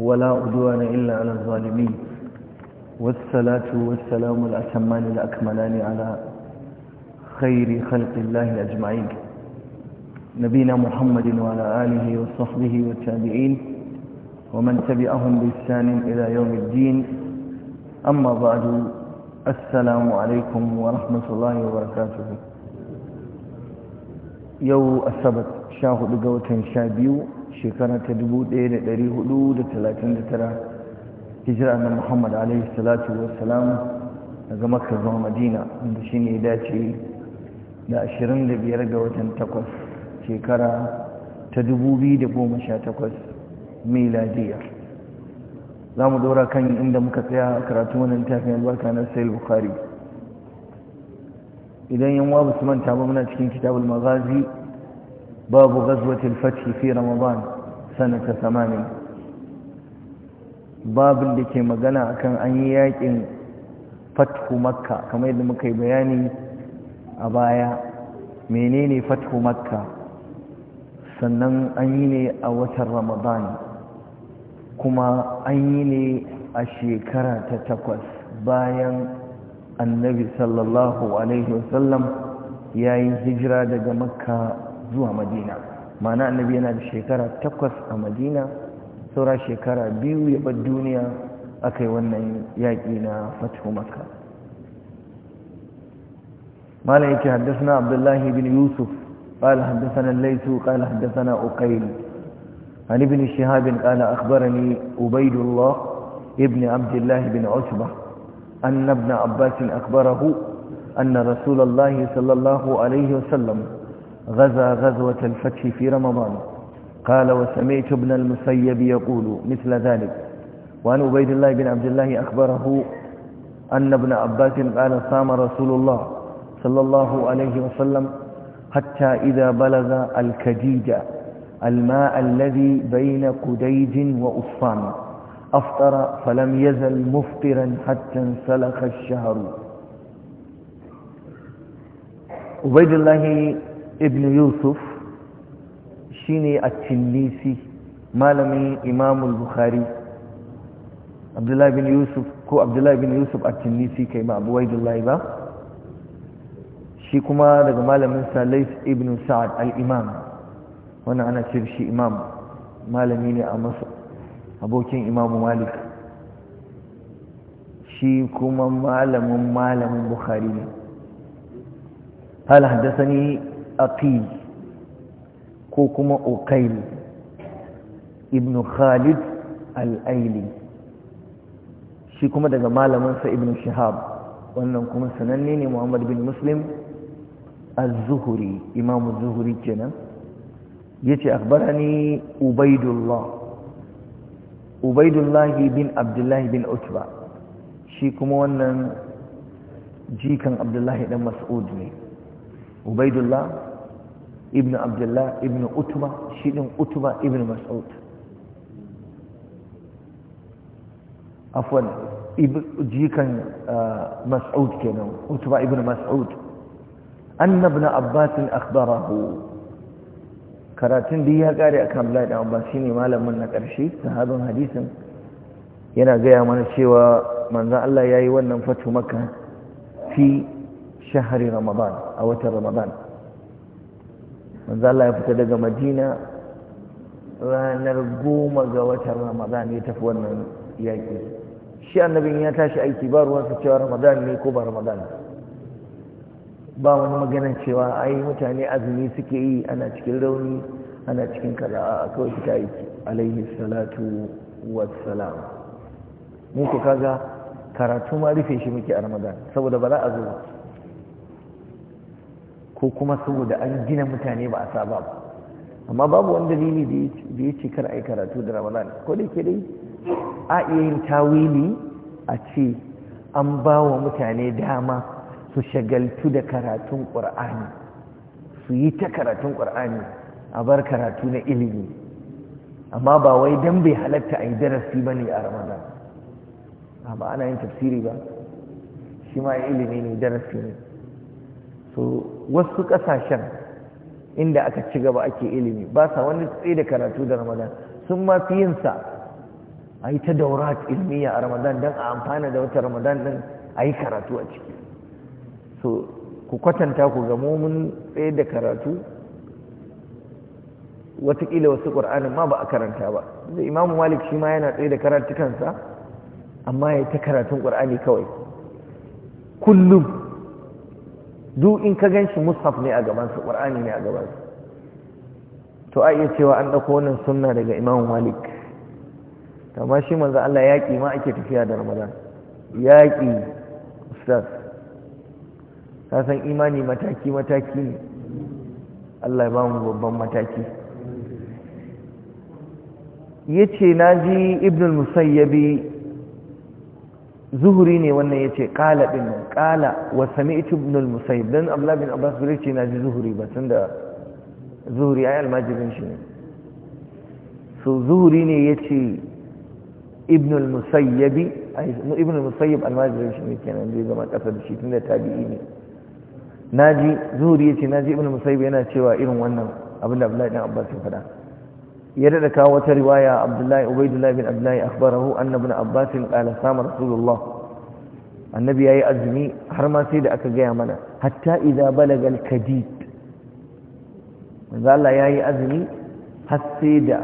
ولا عدوان إلا على الظالمين والصلاة والسلام الأتمان الأكملان على خير خلق الله أجمعين نبينا محمد وعلى آله وصحبه والتابعين ومن تبعهم بإحسان إلى يوم الدين أما بعد السلام عليكم ورحمة الله وبركاته يو السبت شاهد قوة شابيو shekara ta 1439 hijira na muhammad alaihi salatu salam daga makka zuwa madina wanda shi ne dace da 25 ga watan 8 shekara ta 2018 miladiya za mu dora kan inda muka tsaya karatu wannan tafiya albarka na sayil bukari. idan yan wa su manta ba muna cikin kitabul magazi باب غزوة الفتح في رمضان سنة ثمان باب اللي كي مغانا كان أن يأكل فتح مكة كما يدى مكة بياني أبايا منين فتح مكة sannan an yi ne a watan ramadan kuma an yi ne a shekara ta takwas bayan annabi sallallahu alaihi wasallam ya yi hijira daga makka zuwa madina mana annabi yana da shekara takwas a madina saura shekara biyu ya bar duniya aka yi wannan yaƙi na fatihu makka yake haddasa abdullahi bin yusuf قال حدثنا الليث قال حدثنا أقيل عن ابن شهاب قال أخبرني أبيد الله ابن عبد الله بن عتبة أن ابن عباس أخبره أن رسول الله صلى الله غزا غزوة الفتح في رمضان قال وسمعت ابن المسيب يقول مثل ذلك وعن عبيد الله بن عبد الله أخبره أن ابن عباس قال صام رسول الله صلى الله عليه وسلم حتى إذا بلغ الكجيج الماء الذي بين قديج وأصفان أفطر فلم يزل مفطرا حتى انسلخ الشهر عبيد الله ibn yusuf shine a tillisi malamin imamul bukhari abdullahi bin yusuf ko abdullahi bin yusuf a tillisi kai ma abu waidullahi ba shi kuma daga malamin salais ibn sa'ad al-imam wannan ana ce shi imam malami ne a masu abokin imamu malik shi kuma malamin malamin bukhari ne قال حدثني aqil ko kuma uqail ibn khalid al-aili shi kuma daga sa ibn shihab wannan kuma sananne ne muhammad bin muslim az-zuhri imam az-zuhri kenan yace akhbarani ubaidullah ubaidullah bin abdullah bin utba shi kuma wannan jikan abdullahi dan mas'ud ne ubaidullah ibn abdullah ibn utba shi din utba ibn mas'ud afwan jikan uh, mas'ud kenan utba ibn mas'ud anna ibn abbas akhbarahu karatun da ya kare akan abdullahi da abbas shine malamin na ƙarshe, sahabin hadisin yana gaya mana cewa manzon Allah yayi wannan fatu maka fi shahari ramadan a watan ramadan manzo Allah ya fita daga madina ranar goma ga watan ramadan ya tafi wannan yaƙi shi annabin ya tashi aiki ba ruwansa cewa ramadan ne ko ba ramadan ba wani maganar cewa ai mutane azumi suke yi ana cikin rauni ana cikin kaza a kawai fita aiki alaihi salatu wassalam mu ku kaga karatu ma rufe shi muke a ramadan saboda ba za a zo ko kuma saboda an gina mutane ba a saba ba amma babu wani dalili da ya ce kar a yi karatu da ramadan ko da ke dai a iya yin tawili a ce an ba wa mutane dama su shagaltu da karatun ƙur'ani su yi ta karatun ƙwar'ani a bar karatu na ilimi amma ba wai don bai halatta a yi darasi ba ne a ramadan ba ana yin tafsiri ba shi ma ilimi ne darasi ne so wasu kasashen inda aka ci gaba ake ilimi ba sa wani tsaye da karatu da ramadan sun ma fi yinsa a yi ta daura ilmiya a ramadan don a amfana da wata ramadan din a yi karatu a ciki so ku kwatanta ku ga mun tsaye da karatu watakila wasu ƙur'anin ma ba a karanta ba da imamu malik shi ma yana tsaye da karatukansa amma ya yi ta karatun ƙur'ani kawai kullum duk in ka gan shi mushaf ne a su ƙwar'ani ne a su to a iya cewa an ɗauko wannan sunna daga imamu malik amma shi manzo Allah yaƙi ma ake tafiya da ramadan yaƙi ustaz ka san imani mataki mataki ne Allah ya ba mu babban mataki yace naji ibn musayyabi zuhuri ne wannan ya ce ƙala ɗin nan ƙala wa sami ita nul al-musayib don abla bin abbas bai ce na ji zuhuri ba tun da zuhuri yi almajirin shi ne so zuhuri ne ya ce ibn al-musayyabi ibnul al-musayyib almajirin shi ne kenan zai zama ƙasa da shi tun da tabi'i ne na ji zuhuri ya ce na ji ibnul al-musayyib yana cewa irin wannan abin da abla bin abbas ya faɗa ya daɗa kawo wata riwaya abdullahi ubaidullahi bin abdullahi akhbarahu anna ibn abbas qala sama rasulullah annabi yayi azumi har ma sai da aka gaya mana hatta idza balaga al kadid manzo Allah yayi azumi har sai da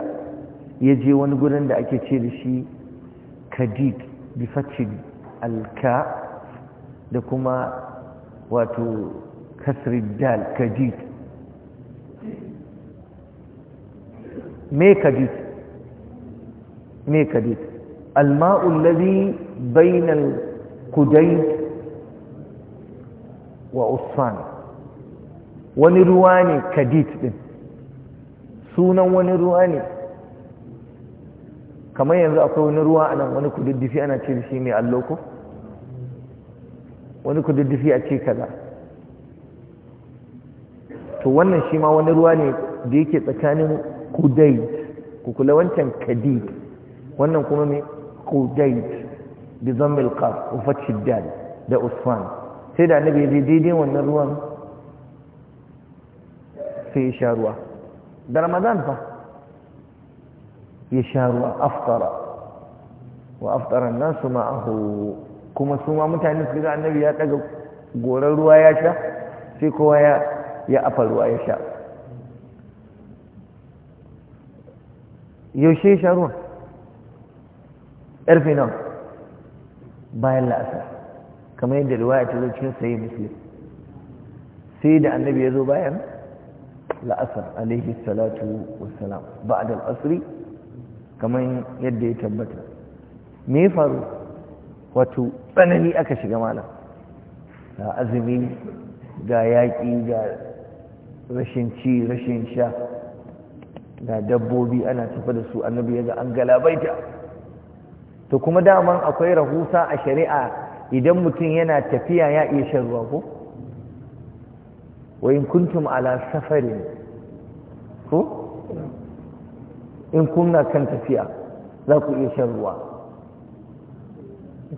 ya je wani gudan da ake ce da shi kadid bi fatchi al da kuma wato kasr al me kadid me kadid الماء الذي kudai wa usfan wani ruwa ne kadit din sunan wani ruwa ne kamar yanzu akwai wani ruwa a nan wani kududdufi ana ce shi ne allo ko wani kududdufi a ce kaza to wannan shi ma wani ruwa ne da yake tsakanin kudait ku kula wancan kadid wannan kuma mai kudait bi zammil qaf wa fatshid dal da usman sai da annabi ya daidai wannan ruwan sai ya sha ruwa da ramadan fa ya sha ruwa aftara wa aftara nasu ma'ahu kuma su ma mutane su ga annabi ya daga goran ruwa ya sha sai kowa ya ya afa ruwa ya sha yaushe sha ruwan ƙarfe nan bayan la'asar kamar yadda ruwaya ta zo cikin sayi musulun sai da annabi ya zo bayan la'asar alaihi salatu wassalam a al'asri kamar yadda ya tabbata me ya faru wato tsanani aka shiga malam ga azumi ga yaƙi ga rashin ci rashin sha ga dabbobi ana tafi da su annabi ya ga an galabaita to kuma daman akwai rahusa a shari'a idan mutum yana tafiya ya iya shan ruwa ko wa in kuntum ala safarin ko in kunna kan tafiya za ku iya shan ruwa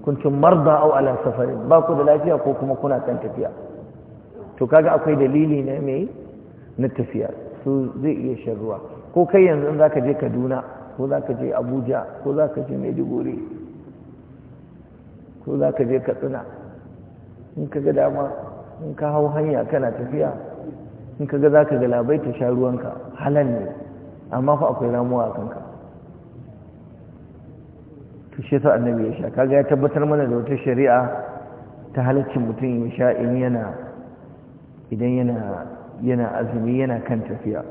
kuntum marda au ala safarin ba ku da lafiya ko kuma kuna kan tafiya to kaga akwai dalili na mai na tafiya su zai iya shan ruwa ko kai yanzu za ka je kaduna ko za ka je abuja ko za ka je maiduguri ko za ka je katsina in ka ga dama in ka hau hanya kana tafiya in ka ga za ka galabai ta sha ruwanka halal ne amma fa akwai ramuwa a kanka ta shi sa annabi ya sha kaga ya tabbatar mana da wata shari'a ta halaccin mutum ya sha in yana idan yana azumi yana kan tafiya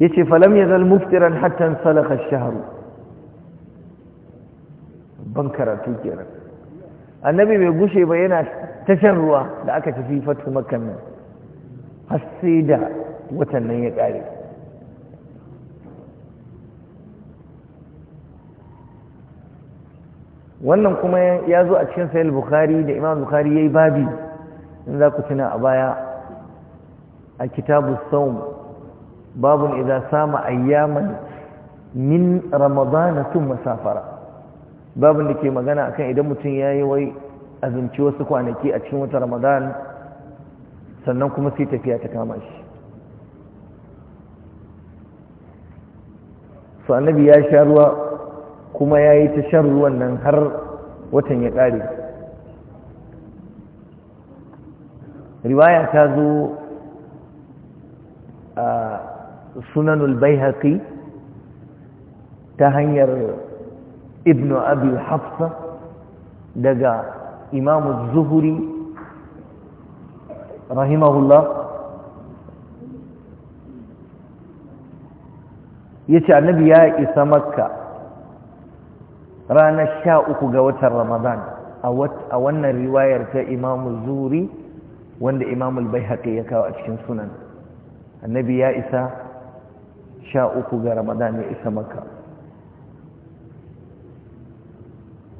yace falam yazal muftiran hatta salakha ash-shahr ban karatu kenan annabi bai gushe ba yana ta ruwa da aka tafi fatu makkah nan har sai da watan nan ya kare wannan kuma ya zo a cikin sahih bukhari da imam bukhari yayi yi babi in za ku tuna a baya a kitabu saum babun idza sama ayyaman min ramadana thumma masafara babun dake magana akan idan mutum yayi wai azumci wasu kwanaki a cikin wata ramadan sannan kuma sai tafiya ta kama shi su annabi ya sha ruwa kuma ya yi ta shan ruwan nan har watan ya ƙare riwaya ta zo a sunanul baihaqi ta hanyar ibn abi hafsa daga imamu Zuhri rahimahullah yace annabi ya isa makka ranar sha uku ga watan ramadan a wannan riwayar ta imamu Zuhri wanda al bai ya kawo a cikin sunan annabi ya isa sha uku ga ramadan ya isa maka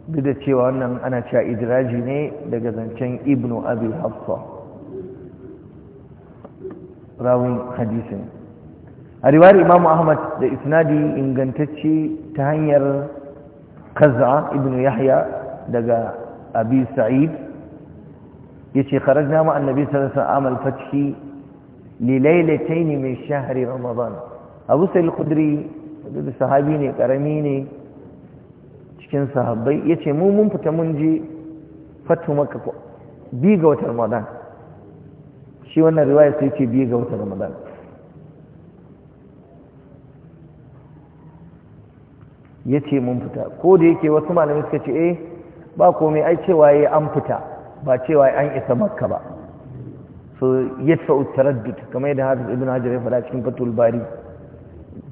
duk da cewa wannan ana cewa idraji ne daga zancen ibnu abi hafsa rawin hadisin a riwayar imam ahmad da isnadi ingantacce ta hanyar kaza ibnu yahya daga abi sa'id yace kharajna ma annabi sallallahu alaihi wasallam amal fathi li laylatayn min shahri ramadan abu sai al da sahabi ne karami ne cikin sahabbai ce mu mun fita mun je fatu maka bi ga watan ramadan shi wannan riwaya sai ce bi ga watan ramadan ce mun fita ko da yake wasu malamai suka ce eh ba komai ai cewa yayi an fita ba cewa an isa makka ba so yadda taraddud kamar yadda hafiz ibn hajar ya faɗa cikin fatul bari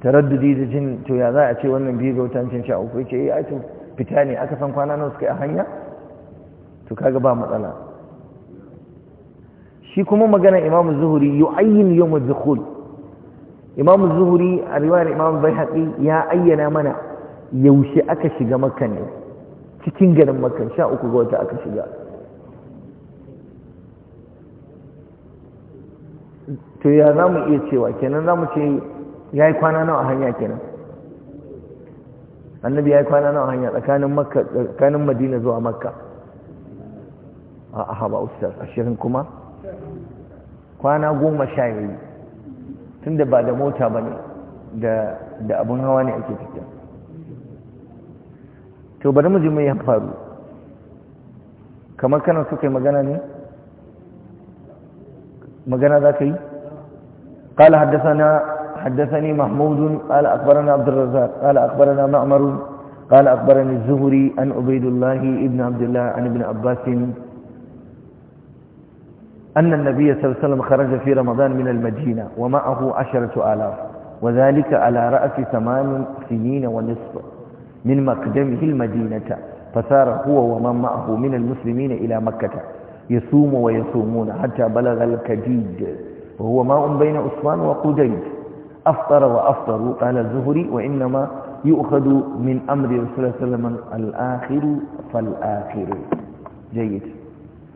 taraddudi da jin to ya za a ce wannan biyu ga cin sha uku ce yi eh, aikin fita ne aka san kwana nawa suka yi a hanya to kaga ba matsala shi kuma magana imamu zuhuri ayyin yau az-zukhul imamu zuhuri a riwayar imamu haɗi ya ayyana mana yaushe aka shiga makka ne cikin garin makka sha uku ga wata aka shiga to ya za mu iya cewa kenan za mu ce ya yi kwana nawa a hanya kenan annabi ya yi kwana nawa a hanya tsakanin madina zuwa makka a haba ustaz ashirin kuma kwana goma sha yi tun da ba da mota ba ne da abin hawa ne ake fita to bari mu ji mai ya faru kamar kana suka yi magana ne magana za ka yi قال حدثنا حدثني محمود قال أخبرنا عبد الرزاق قال أخبرنا معمر قال أخبرني الزهري عن عبيد الله ابن عبد الله عن ابن عباس أن النبي صلى الله عليه وسلم خرج في رمضان من المدينة ومعه عشرة آلاف وذلك على رأس ثمان سنين ونصف من مقدمه المدينة فسار هو ومن معه من المسلمين إلى مكة يصوم ويصومون حتى بلغ الكديد وهو ماء بين أسوان وقديد أفطر وأفطر قال الزهري وإنما يؤخذ من أمر رسول الله صلى الله عليه وسلم الآخر فالآخر جيد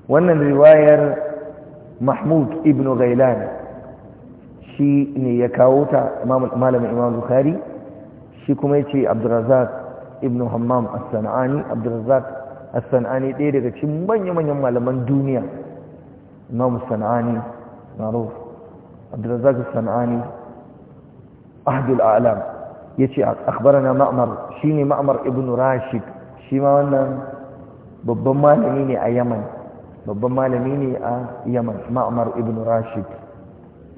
وأن الرواية محمود ابن غيلان شيء يكاوتا ما لم إمام البخاري شي كميتي عبد الرزاق ابن همام السنعاني عبد الرزاق السنعاني تيري شي من يمن يمن لما الدنيا إمام السنعاني معروف عبد الرزاق السنعاني ahdul alam yace akhbarana ma'mar shine ma'amar ibn rashid shi ma wannan babban malami ne a yaman babban malami ne a yaman ma'amar ibn rashid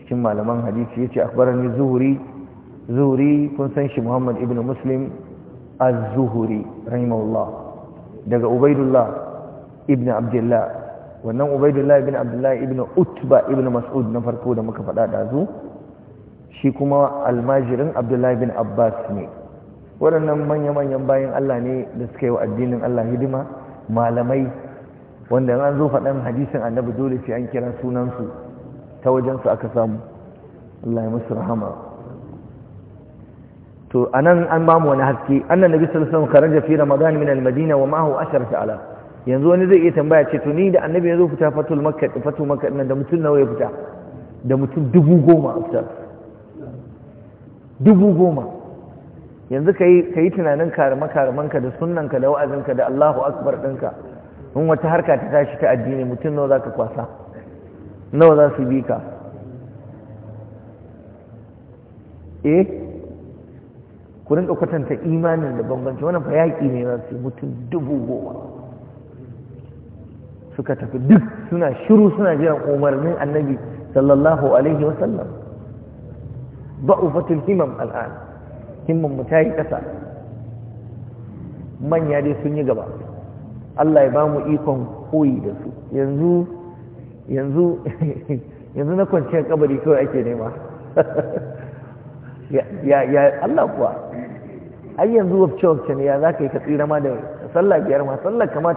cikin malaman hadisi ya ce akhbarani zuhri zuhri kun san shi muhammad ibn muslim az-zuhri rahimahullah daga ubaidullah ibn abdullah wannan ubaidullah ibn abdullah ibn utba ibn mas'ud na farko da muka faɗa dazu shi kuma almajirin abdullahi bin abbas ne waɗannan manya-manyan bayan allah ne da suka yi wa addinin allah hidima malamai wanda an zo faɗan hadisin annabi dole sai an kira sunansu ta wajensu aka samu allah ya musu rahama to anan an ba mu wani haske annan nabi sallallahu alaihi wasallam karaja fi ramadan min al-madina wa ma'ahu asharatu alaf yanzu wani zai iya tambaya ce to ni da annabi ya zo fita fatul makka fatul makka da mutum nawa ya fita da mutum dubu goma a fita. dubu goma yanzu ka yi tunanin karama-karamanka da sunanka da wa'azinka da allahu akbar ɗinka in wata harka ta tashi ta addini mutum nawa za ka kwasa nawa za su bi ka eh ku rinka kwatanta imanin da bambanci Wani fa yaƙi ne za su mutum dubu goma suka tafi duk suna shiru suna jiran umarnin annabi sallallahu alaihi wasallam ضعفت الهمم الآن همم كسا من يدي سنية قبع الله يبامو إيكم قوي دسو ينزو ينزو ينزو نكون شيء قبري كو أكي نيما يا يا يا الله قوى أي ينزو بشوك شن يا ذاك يكتير ما دوي صلى بيار ما صلى كما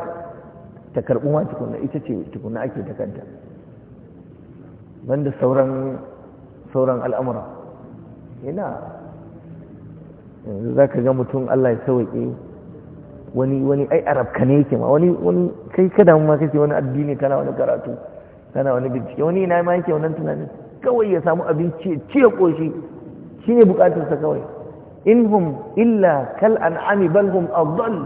تكربو ما تكون إيتشي تكون أكي تكنت من دي sauran sauran al'amura ina yanzu za ka ga mutum Allah ya sauƙe wani wani ai arabka ne yake ma wani wani kai ka damu ma kake wani addini kana wani karatu kana wani bincike wani ina ma yake wannan tunanin kawai ya samu abinci ci ya koshi shine bukatarsa kawai in hum illa kal an'ami bal hum adall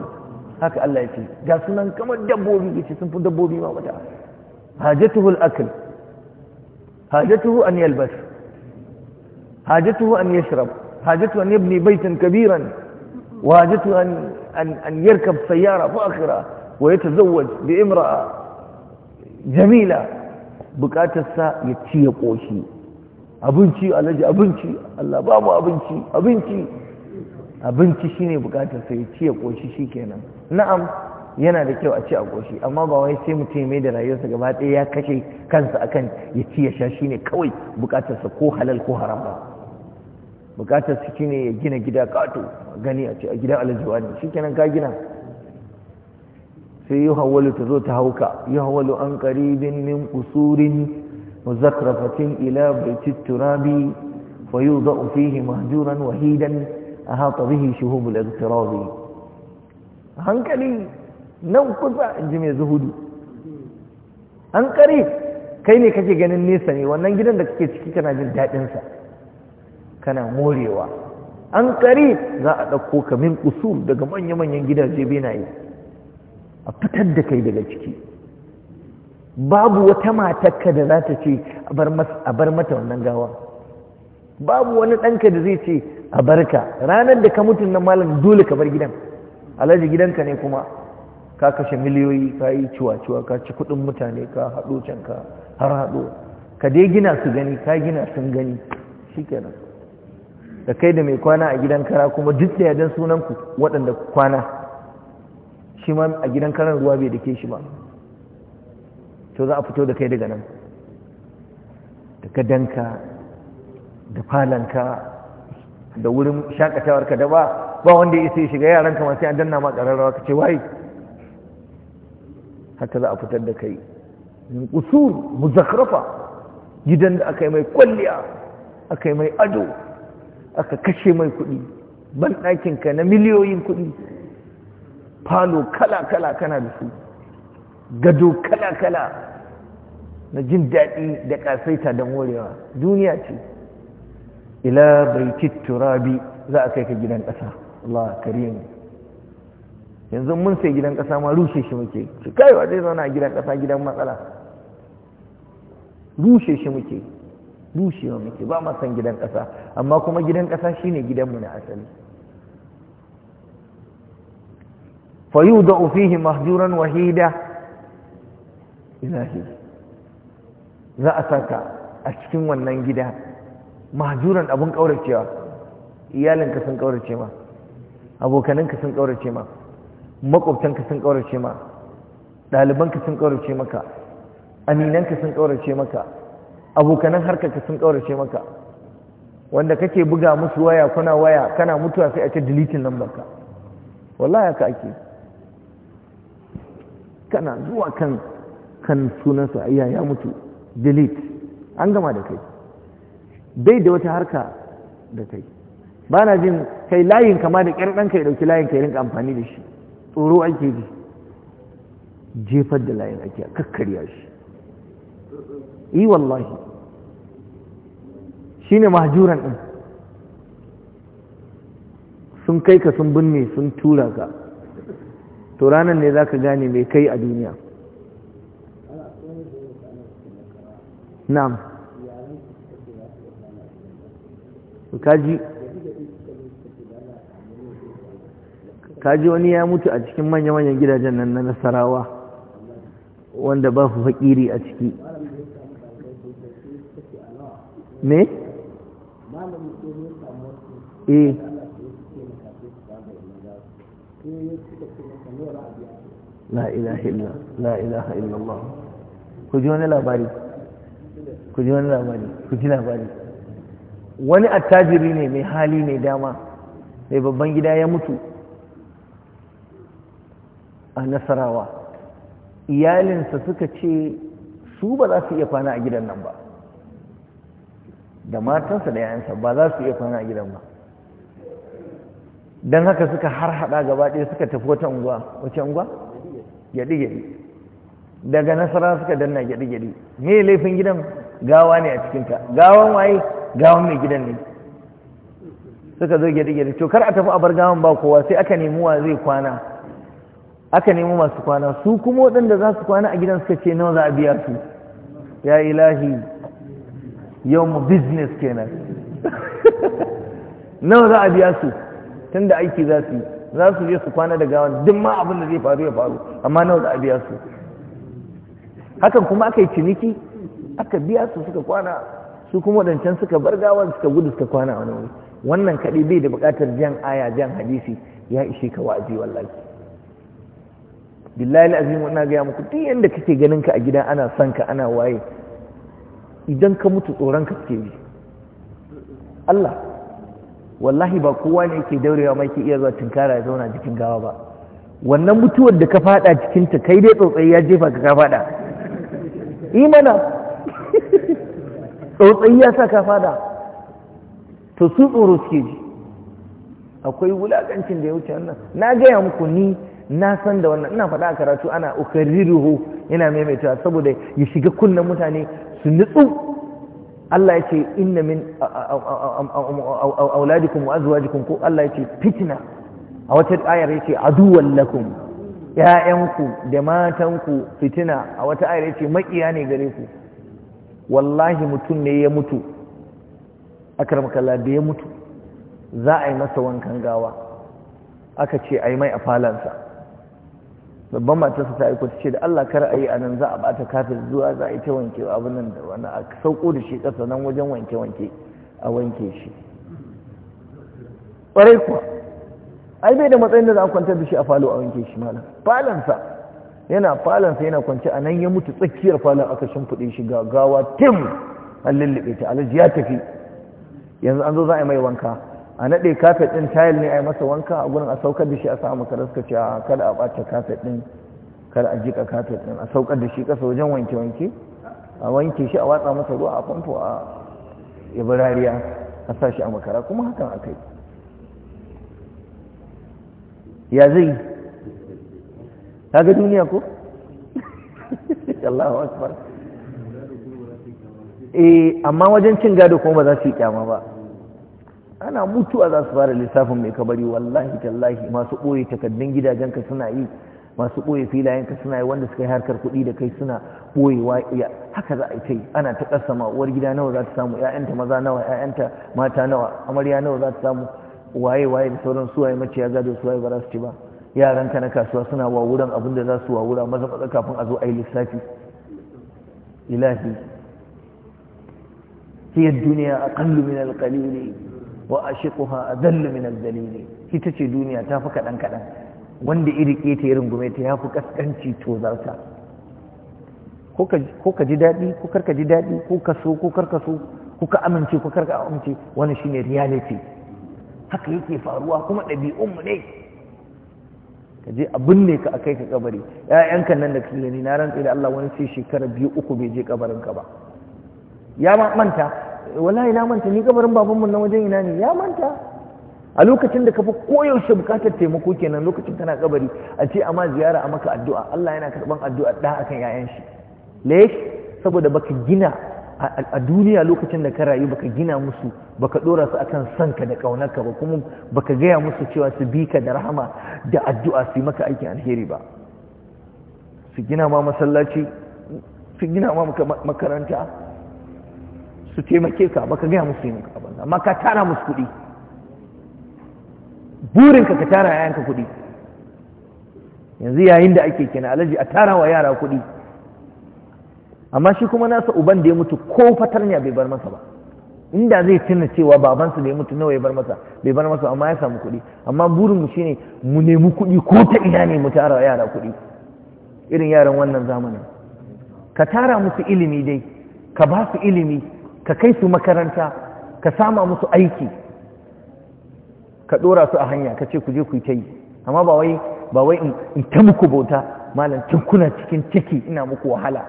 haka Allah ya ce ga sunan kamar dabbobi yace sun fi dabbobi ma wata hajatuhu al-akl hajatuhu an yalbas حاجته أن يشرب حاجته أن يبني بيتا كبيرا وحاجته أن, أن, أن يركب سيارة فاخرة ويتزوج بامرأة جميلة بكات الساء يتشي يقوشي أبنتي ألجي أبنتي الله بابو أبنتي أبنتي أبنتي شيني بكات الساء يتشي يقوشي شي كينا نعم ينا لكيو أتشي أقوشي أما بابا يسيم تيميد رأيوسة قبات إياكشي كانس أكن يتشي يشاشيني كوي بكات الساء كوحلل كوحرم bukatar su ne ya gina gida kato gani a ce gidan alajuwa ne shi kenan ka gina sai yi hawalu ta zo ta hauka yi hawalu an karibin min usurin muzakrafatin ila baiti turabi fa yudau fihi mahjuran wahidan ahata bihi shuhubul igtirabi hankali nan kusa in ji mai zuhudu an kare kai ne kake ganin nesa ne wannan gidan da kake ciki kana jin daɗinsa kana morewa an kare za a ɗauko ka min usul daga manya-manyan gidaje benaye a fitar da kai daga ciki babu wata matakka da za ta ce a bar mata wannan gawa babu wani ɗanka da zai ce a barka ranar da ka mutum na malam dole ka bar gidan alhaji gidanka ne kuma ka kashe miliyoyi ka yi ciwa-ciwa ka ci kuɗin mutane ka haɗo can ka har haɗo ka dai gina su gani ka gina sun gani shi kenan da kai da mai kwana a gidan kara kuma duk da sunan sunanku waɗanda kwana shi ma a gidan karan ruwa bai ke shi ba to za a fito da kai daga nan da gadanka da falanka da wurin ka da ba ba wanda ya ya shiga yaranka masu an danna ma ƙararrawa ka ce waye haka za a fitar da kai min kusur muzakrafa gidan da aka yi mai kwalliya aka yi mai ado aka kashe mai kuɗi banɗakinka na miliyoyin kuɗi falo kala-kala kana da su gado kala-kala na jin daɗi da ƙasaita don warewa duniya ce ila baiti turabi za a kai ka gidan ƙasa Allah karim yanzu mun sai gidan ƙasa ma rushe shi muke shi zai zauna a gidan ƙasa gidan matsala rushe shi muke rushewa muke ba ma san gidan ƙasa amma kuma gidan ƙasa shine gidanmu na asali da fihi mahjuran wahida ilahi za a saka a cikin wannan gida mahjuran abun kauracewa iyalinka sun kaurace ma abokaninka sun kaurace ma makwabtanka sun kaurace ma ɗalibanka sun kaurace maka aminanka sun kaurace maka abokanan harkarka sun ƙaurace maka wanda kake buga musu waya kuna waya kana mutuwa sai a ce deleting number ka wallahi haka ake kana zuwa kan kan sunansa ayya ya mutu delete an gama da kai bai da wata harka da kai ba na jin kai layin kama da ƙyar ɗanka ya ɗauki layin ka rinka amfani da shi tsoro ake ji jefar da layin ake kakkarya shi yi wallahi shi ne mahajuran ɗin sun kai ka sun binne sun tura ka to ranar ne za ka gane mai kai a duniya na'am kaji wani ya mutu a cikin manya-manyan gidajen nan na nasarawa wanda ba su faƙiri a ciki ne? eh la ilaha illa la ilaha illallah ku ji wani labari ku ji wani labari ku ji labari wani attajiri ne mai hali mai dama mai babban gida ya mutu a nasarawa iyalinsa suka ce su ba za su iya kwana a gidan nan ba da matansa da yayansa ba za su iya kwana a gidan ba don haka suka har hada gaba ɗaya suka tafi wata unguwa wace unguwa gyaɗi-gyaɗi daga nasara suka danna gyaɗi-gyaɗi me laifin gidan gawa ne a cikinta gawan waye gawan mai gidan ne suka zo gyaɗi-gyaɗi to kar a tafi a bar gawan ba kowa sai aka nemi wa zai kwana aka nemi masu kwana su kuma waɗanda za su kwana a gidan suka ce nawa za a biya su ya ilahi yau mu business kenan nawa za a biya su tunda aiki za su yi za su je su kwana da gawan duk ma abin da zai faru ya faru amma nawa za a biya su hakan kuma aka yi ciniki aka biya su suka kwana su kuma wadancan suka bar gawan suka gudu suka kwana wani wannan kaɗai bai da buƙatar jan aya jan hadisi ya ishe ka wa'azi wallahi billahi azim na gaya muku duk yanda kake ganin ka a gida ana son ka ana waye idan ka mutu tsoron ka suke Allah wallahi ba kowa ne ke daurewa mai ke iya zuwa tinkara ya zauna jikin gawa ba wannan mutuwar da ka fada cikinta kai dai tsotsai ya jefa ka ka fada imana tsotsai ya sa ka fada to su tsoro suke ji akwai wulakancin da ya wuce wannan na gaya muku ni na san da wannan ina faɗa a karatu ana ukariruhu yana maimaitawa saboda ya shiga kunnen mutane su nutsu Allah ya ce inna min auladikum wa azwajikum ko Allah ya ce fitna a wata ayar ya ce aduwan lakum ‘ya'yanku da matanku fitina a wata ayar ya ce maƙiya ne gare ku wallahi mutum ne ya mutu akarmakalla da ya mutu za a yi masa wankan gawa aka ce a yi mai a falansa babban matarsa ta aiko ta ce da Allah kar a yi a nan za a bata kafin zuwa za a yi ta wanke abin nan da wani a sauko da shi ƙasa nan wajen wanke-wanke a wanke shi ƙwarai kuwa ai bai da matsayin da za a kwantar da shi a falo a wanke shi malam falansa yana falansa yana kwance a nan ya mutu tsakiyar falon aka shimfiɗe shi ga gawa tim an lullube ta alaji ya tafi yanzu an zo za a yi mai wanka a naɗe kafet ɗin tayil ne a yi masa wanka a gurin a saukar da shi a sa makarar suka ce a kada a ɓata kafet ɗin kada a jika kafet ɗin a saukar da shi ƙasa wajen wanke-wanke a wanke shi a watsa masa ruwa a famfo a ibrariya a sa shi a makara kuma hakan aka yi ya zai ta ga duniya ko? Allahu Akbar. eh amma wajen cin gado kuma ba za su yi kyama ba ana mutuwa za su fara lissafin mai kabari wallahi tallahi masu ɓoye takardun gidajenka suna yi masu ɓoye filayenka suna yi wanda suka yi harkar kuɗi da kai suna ɓoye ɓoyewa haka za a yi ta yi ana ta ƙasa uwar gida nawa za ta samu ‘ya'yanta maza nawa ‘ya'yanta mata nawa amarya nawa za ta samu waye waye da sauran suwaye mace ya gado suwaye ba za su ci ba yaranka na kasuwa suna wawuran abin da za su wawura maza maza kafin a zo a yi lissafi ilahi hiyar duniya a kallu min alƙalili wa ashiquha adallu min al-dalil ita ce duniya ta fi kadan kadan wanda iri ke ta irin gume ta yafi kaskanci to zarta ko ka ji daɗi ko karka ji daɗi ko ka so ko karka so ko ka amince ko karka amince wani shine reality haka yake faruwa kuma ɗabi'un mu ne ka je abin ne ka akai ka kabari ƴaƴanka nan da kake gani na rantsa da Allah wani sai shekara biyu uku bai je kabarin ka ba ya manta wallahi na manta ni kabarin babanmu na wajen ina ne ya manta a lokacin da kafa koyaushe bukatar taimako kenan lokacin tana kabari a ce amma ziyara a maka addu'a Allah yana karban addu'a da akan yayan shi laish saboda baka gina a duniya lokacin da ka rayu baka gina musu baka dora su akan sanka da kaunar ka ba kuma baka gaya musu cewa su bi ka da rahama da addu'a su maka aikin alheri ba su gina ma masallaci su gina ma makaranta su taimake ka baka gaya musu yi maka abin amma ka tara musu kuɗi burinka ka tara yayanka kuɗi yanzu yayin da ake kina alaji a tara wa yara kuɗi amma shi kuma nasa uban da ya mutu ko ne bai bar masa ba inda zai tuna cewa babansa da ya mutu nawa ya bar masa bai bar masa amma ya samu kuɗi amma burin mu shine mu nemi kuɗi ko ta ina ne mu tara yara kuɗi irin yaran wannan zamanin ka tara musu ilimi dai ka ba su ilimi ka kai su makaranta ka sama musu aiki ka ɗora su a hanya ka ce ku je ku yi ta yi amma ba wai in ta muku bauta malam tun kuna cikin ciki ina muku wahala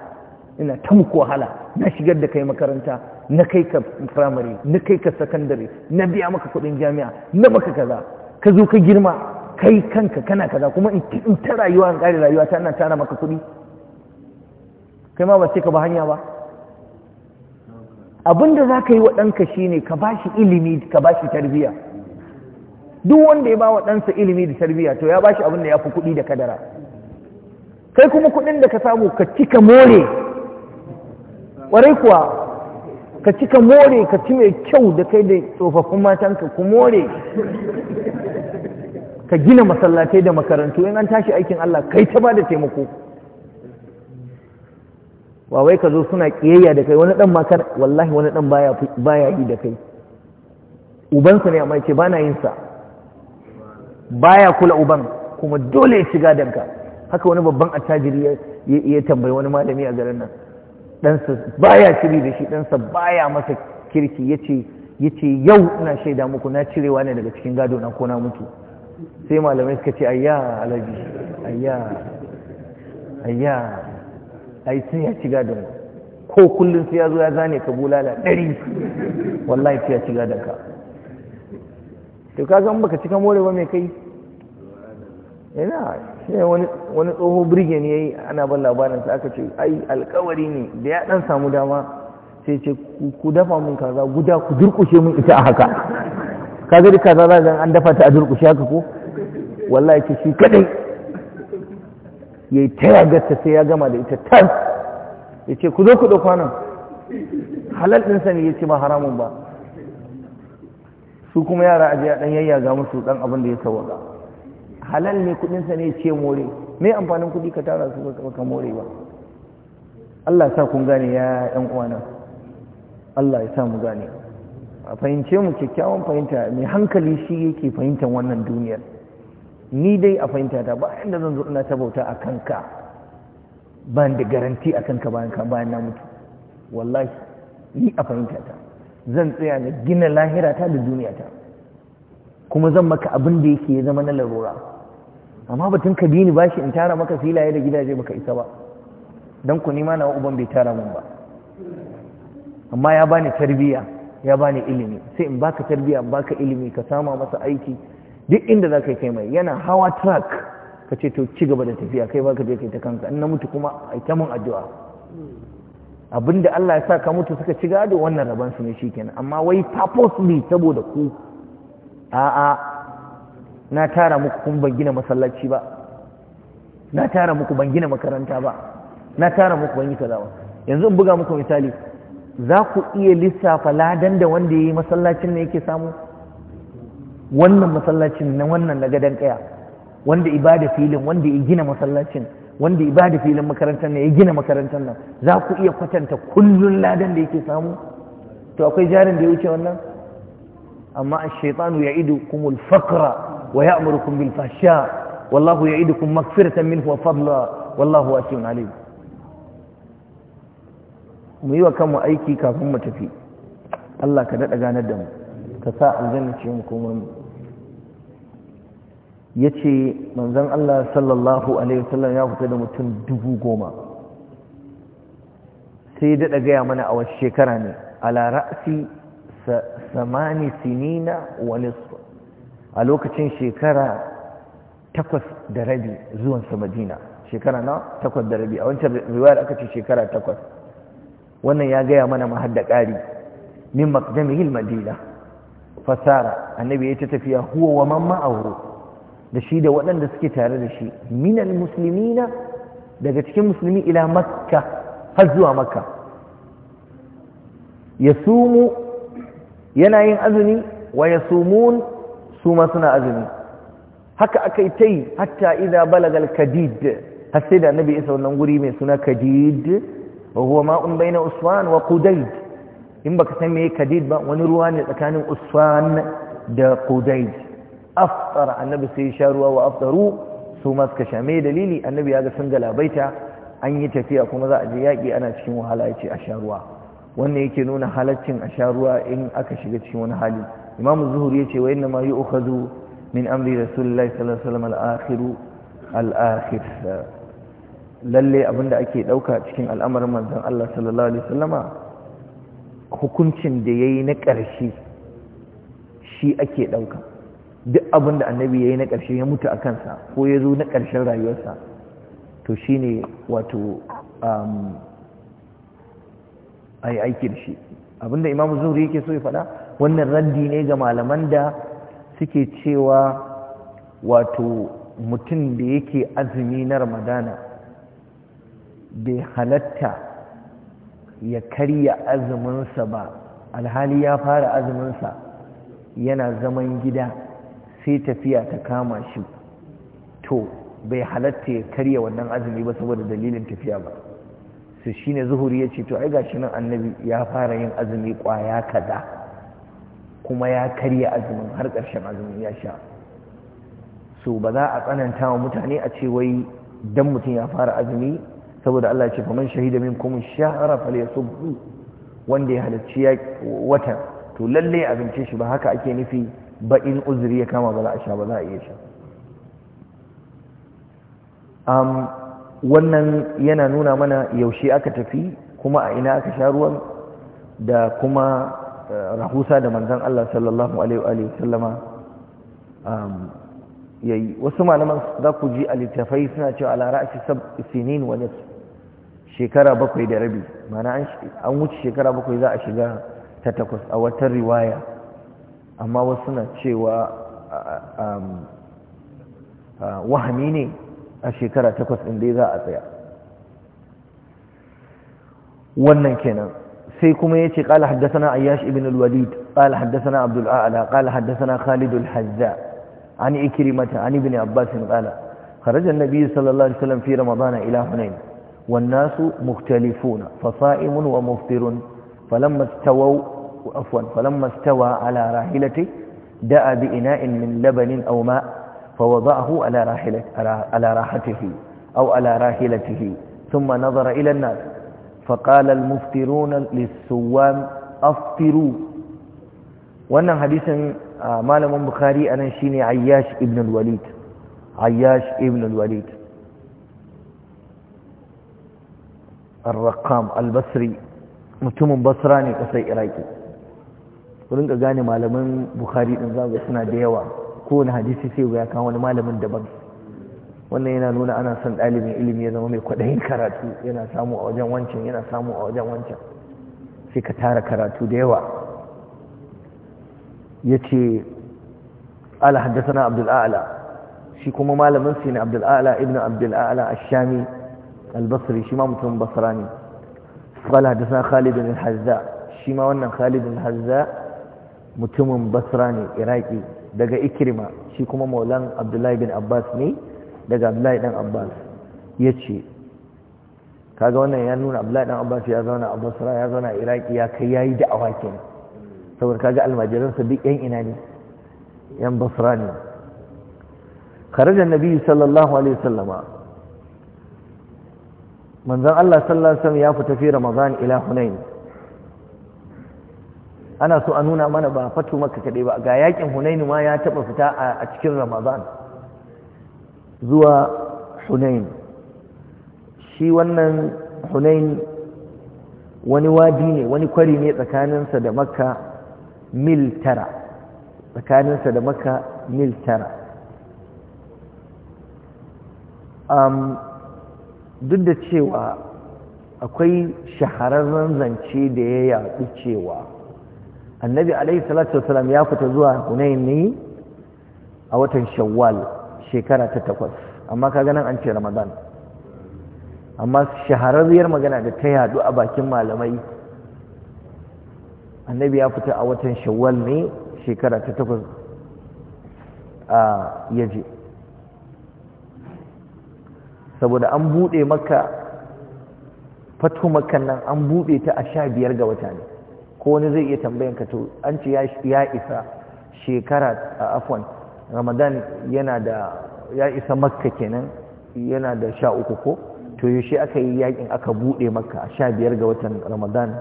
ina ta muku wahala na shigar da kai makaranta na kai ka firamare na kai ka sakandare na biya maka kuɗin jami'a na maka kaza ka zo ka girma kai kanka kana kaza kuma in ta rayuwa in rayuwa ta ina tara maka kuɗi kai ma ba sai ka ba hanya ba abinda za ka yi wa ɗanka ne ka ba shi ilimi ka ba shi tarbiyya duk wanda ya ba wa ɗansa ilimi da tarbiyya to ya ba shi abin da ya fi kuɗi da kadara kai kuma kuɗin da ka samu ka cika more ƙwarai kuwa ka cika more ka ci mai kyau da kai da tsofaffin matanka ku more ka gina masallatai da makarantu in an tashi aikin Allah kai ta ba da taimako ba wai ka zo suna kiyayya da kai wani dan makar wallahi wani dan baya baya yi da kai ubansa ne amma ce ba na yin sa baya kula uban kuma dole ya shiga danka haka wani babban attajiri ya tambayi wani malami a garin nan ɗansa baya shiri da shi ɗansa baya masa kirki yace yace yau ina shaida muku na cirewa ne daga cikin gado na ko na mutu sai malamai suka ce ayya alaji ayya ayya ai sai ya shiga da ko kullum sai ya zo ya zane ka bulala ɗari wallahi sai ya ci da ka to kaga in baka cika more ba mai kai yana sai wani wani tsoho birge ne yayi ana ban labarin sa aka ce ai alkawari ne da ya dan samu dama sai ce ku dafa mun kaza guda ku durkushe mun ita a haka kaga duka za zan an dafa ta a durkushe haka ko wallahi ce shi kadai ya yi ta sai ya gama da ita tas ya ce ku zo ku ɗauka nan halal ɗinsa ne ya ce ba haramun ba su kuma yara ajiya ɗan yayya ga musu ɗan abin da ya sauwaka halal ne kuɗinsa ne ya ce more me amfanin kuɗi ka tara su ka more ba Allah sa kun gane ya ‘yan uwana Allah ya sa mu gane a fahimce mu kyakkyawan fahimta mai hankali shi yake fahimtar wannan duniyar ni dai a fahimta ta bayan da zan zo ina ta bauta a kanka ban da garanti a kanka bayan ka bayan na mutu wallahi ni a fahimta ta zan tsaya na gina lahira ta da duniya ta kuma zan maka abin da yake ya zama na larura amma batun ka bini ni bashi in tara maka filaye da gidaje baka isa ba dan ku nima na uban bai tara mun ba amma ya bani tarbiyya ya bani ilimi sai in baka tarbiyya baka ilimi ka sama masa aiki duk inda za ka kai mai yana hawa track ka ce to ci gaba da tafiya kai ba ka je kai ta kanka in na mutu kuma a ta mun addu'a abinda Allah ya sa ka mutu suka ci gado wannan raban su ne shikenan amma wai purposely saboda ku a'a na tara muku kun ban gina masallaci ba na tara muku ban gina makaranta ba na tara muku ban yi kaza ba yanzu in buga muku misali za ku iya lissafa ladan da wanda ya yi masallacin ne yake samu wannan masallacin na wannan na gadon kaya wanda ibada filin wanda ya gina masallacin wanda ibada filin makarantar nan ya gina makarantar nan za ku iya kwatanta kullun ladan da yake samu to akwai jarin da ya wuce wannan amma ash-shaytanu ya'idukumul faqra wa ya'murukum bil fahsha wallahu ya'idukum maghfiratan minhu wa fadla wallahu wasi'un alim mu yi wa kanmu aiki kafin mu tafi Allah ka daɗa ganar da mu ka sa aljanna ce mu komai mu ya ce manzan Allah sallallahu Alaihi wasallam ya fita da mutum dubu goma sai daɗa gaya mana a wasu shekara ne ala ra'asi samani sinina walisu a lokacin shekara takwas da rabi zuwan zuwansa madina shekara na takwas da rabi a wancan riwayar aka ce shekara takwas wannan ya gaya mana mahadda ƙari min makdamihil madina fasara annabi ya ta tafiya huwa wa man ma'ahu da shi da waɗanda suke tare da shi minal musulmina, daga cikin musulmi ila makka har zuwa makka ya sumu yana yin azumi wa ya sumun su ma suna azumi haka aka yi ta yi hatta iza balagal kadid har sai da annabi isa wannan guri mai suna kadid wa huwa ma'un baina usfan wa qudayd in baka san me kadid ba wani ruwa ne tsakanin usman da qudayd aftar annabi sai ya sha ruwa wa aftaru su ma suka sha me dalili annabi ya ga sun galabaita an yi tafiya kuma za a je yaƙi ana cikin wahala ya ce a sha ruwa wannan yake nuna halaccin a sha ruwa in aka shiga cikin wani hali imamu zuhur ya ce wa inna ma yu'khadhu min amri rasulillahi sallallahu alaihi wasallam al-akhiru al-akhir lalle abinda ake dauka cikin al'amarin manzon Allah sallallahu alaihi wasallama hukuncin da yayi na ƙarshe shi ake dauka duk abin da annabi ya yi na ƙarshe ya mutu a kansa ko ya zo na ƙarshen rayuwarsa to shi ne wato um, a yi aiki da shi abinda imamu zuri yake so ya faɗa wannan raddi ne ga malaman da suke cewa wato mutum da yake azumi na ramadana bai halatta ya karya azuminsa ba alhali ya fara azuminsa yana zaman gida sai tafiya ta kama shi to bai halatta ya karya wannan azumi ba saboda dalilin tafiya ba su ne zuhuri ya ce to ai gashi nan annabi ya fara yin azumi kwaya kaza kuma ya karya azumin har ƙarshen azumin ya sha so ba za a tsananta wa mutane a ce wai dan mutum ya fara azumi saboda Allah ya ce faman shahida minkum shahra falyasubhu wanda ya halarci watan to lalle azumce shi ba haka ake nufi ba in uzuri ya kama ba za a sha ba za a iya sha wannan yana nuna mana yaushe aka tafi kuma a ina aka sha ruwan da kuma eh, rahusa da manzan Allah sallallahu alaihi wasallama ya yayi wasu malaman za ku ji a littafai suna cewa alara ra'ashi sab sinin wani shekara bakwai da rabi mana an wuce shekara bakwai za a shiga ta takwas a watan riwaya amma wasu suna cewa um, wahami ne a shekara takwas inda dai za a tsaya wannan kenan sai kuma ya ce ƙala haddasana ayyash ibn al-walid ƙala haddasana abdul a'ala ƙala haddasana khalid al-hazza an ikrimata an ibn abbas ƙala kharaja an-nabi sallallahu alaihi wasallam fi ramadan ila hunain wan nasu mukhtalifuna fa sa'imun wa muftirun falamma tawau. عفوا فلما استوى على راحلته دعا بإناء من لبن أو ماء فوضعه على راحلته على راحته أو على راحلته ثم نظر إلى الناس فقال المفطرون للسوام أفطروا وأن حديث آه، مال من بخاري أنا شيني عياش ابن الوليد عياش ابن الوليد الرقام البصري متوم بصراني قصي mutumin rinka gane malamin bukhari din zaga suna da yawa kowane hadisi sai ya kan wani malamin daban wannan yana nuna ana son ɗalibin ilimi ya zama mai kwaɗayin karatu yana samu a wajen wancan yana samu a wajen wancan sai ka tara karatu da yawa ya ce ala haddasa abdul'ala shi kuma malamin su ne abdul'ala ibn abdul'ala ashami albasri shi ma mutum basra ne قال حدثنا خالد الحذاء wannan ون خالد الحذاء mutumin basra ne iraki daga ikirma shi kuma maulan abdullahi bin abbas ne daga abdullahi dan abbas ya ce kaga wannan ya nuna abdullahi dan abbas ya zauna a basra ya zauna a iraki ya kai ya yi da'awa kenan saboda kaga almajiransa duk yan ina ne yan basra ne kharaja annabi sallallahu alaihi wasallama manzon Allah sallallahu alaihi wasallam ya fita fi ramadan ila hunain ana so a nuna mana ba fatu maka kaɗai ba ga yakin hunainu ma ya taɓa fita a cikin ramadan zuwa hunain shi wannan hunain wani wadi ne wani kwari ne tsakaninsa da maka mil tara tsakaninsa da maka mil tara duk da cewa akwai shahararren zance da ya yaɗu cewa annabi alaihi salatu wasalam ya fita zuwa hunain ne a watan shawwal shekara ta takwas amma ka ganin an ce ramadan amma shahararriyar magana da ta yadu a bakin malamai annabi ya fita a watan shawwal ne shekara ta takwas a yaje saboda an buɗe maka fatu makan nan an buɗe ta a sha biyar ga wata ne ko wani zai iya tambayan ka to an ce ya isa shekara a afwan ramadan yana da ya isa makka kenan yana da sha uku ko to yaushe aka yi yakin aka bude makka a sha biyar ga watan ramadan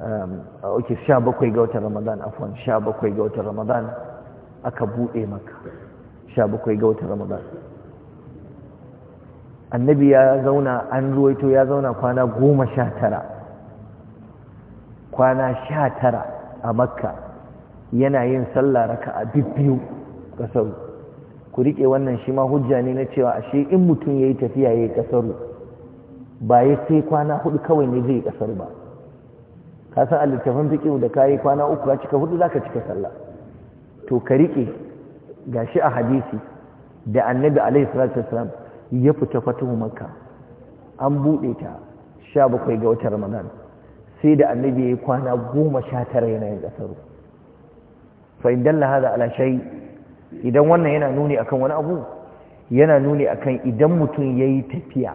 um, oke sha bakwai ga watan ramadan afwan sha bakwai ga watan ramadan aka bude makka sha bakwai ga watan ramadan annabi ya zauna an ruwaito ya zauna kwana goma sha tara kwana sha tara a makka yana yin sallah raka a biyu kasaru ku riƙe wannan shi ma hujja ne na cewa ashe in mutum ya yi tafiya ya yi kasaru ba ya sai kwana hudu kawai ne zai yi kasaru ba ka san a littafin fiƙiyu da ka yi kwana uku ka cika hudu za ka cika sallah to ka riƙe ga shi a hadisi da annabi alaihi salatu wasalam ya fita fatuhu makka an buɗe ta sha bakwai ga watan ramadan sai da annabi ya yi kwana goma sha tara yana yin ƙasaru fa’in dalla hada ala idan wannan yana nuni akan wani abu yana nuni akan idan mutum ya yi tafiya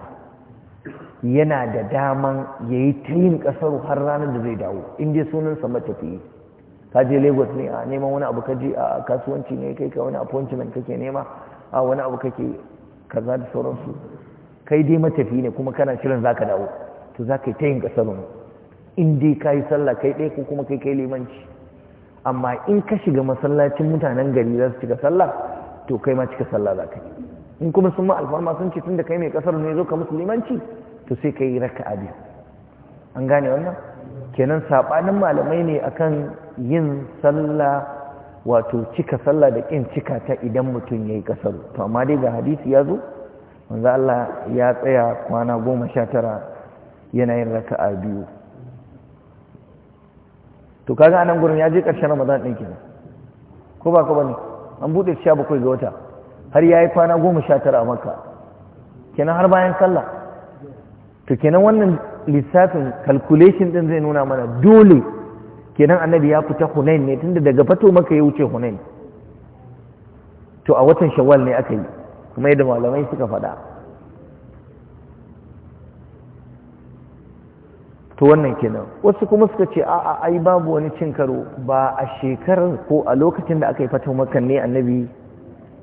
yana da daman ya yi ta yin ƙasaru har ranar da zai dawo in sunansa matafiye ka je lagos ne a neman wani abu kaji a kasuwanci ne kai ka wani nan kake nema a wani abu kake kaza da sauransu kai dai matafi ne kuma kana shirin za ka dawo to ka yi ta yin ƙasaru in dai ka yi sallah kai ɗaya ko kuma kai kai limanci amma in ka shiga masallacin mutanen gari za su cika sallah to kai ma cika sallah za ka yi in kuma sun ma alfarma sun ce tun da kai mai kasar ne zo ka musu limanci to sai ka yi raka a biyu an gane wannan kenan saɓanin malamai ne akan yin sallah wato cika sallah da ƙin cika ta idan mutum ya yi kasar to amma dai ga hadisi ya zo manzo Allah ya tsaya kwana goma sha tara yana yin raka'a biyu to kaga anan gurin ya je ƙarshen ramadan ɗin kenan ko ba ka bane an buɗe sha bakwai ga wata har ya yi kwana goma sha tara a makka kenan har bayan sallah to kenan wannan lissafin calculation ɗin zai nuna mana dole kenan annabi ya fita hunain ne tunda daga fato maka ya wuce hunain to a watan shawwal ne aka yi kuma yadda malamai suka faɗa to wannan kenan wasu kuma suka ce a'a ai babu wani cin karo ba a shekarar ko a lokacin da aka yi fatan makan ne annabi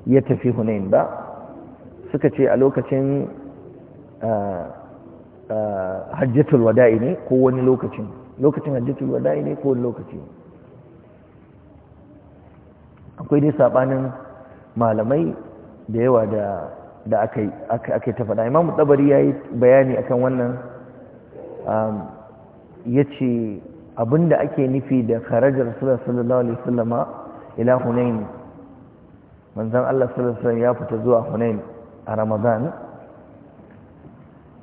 ya tafi hunain ba suka ce a lokacin hajjatul wada'i ne ko wani lokacin lokacin hajjatul wada'i ne ko wani lokaci akwai dai sabanin malamai da yawa da da aka yi ta faɗa imamu ɗabari ya yi bayani akan wannan um, ya ce abinda ake nufi da kharajar sallallahu alaihi wasallam ila hunain manzon Allah sallallahu alaihi ya fita zuwa hunain a ramadan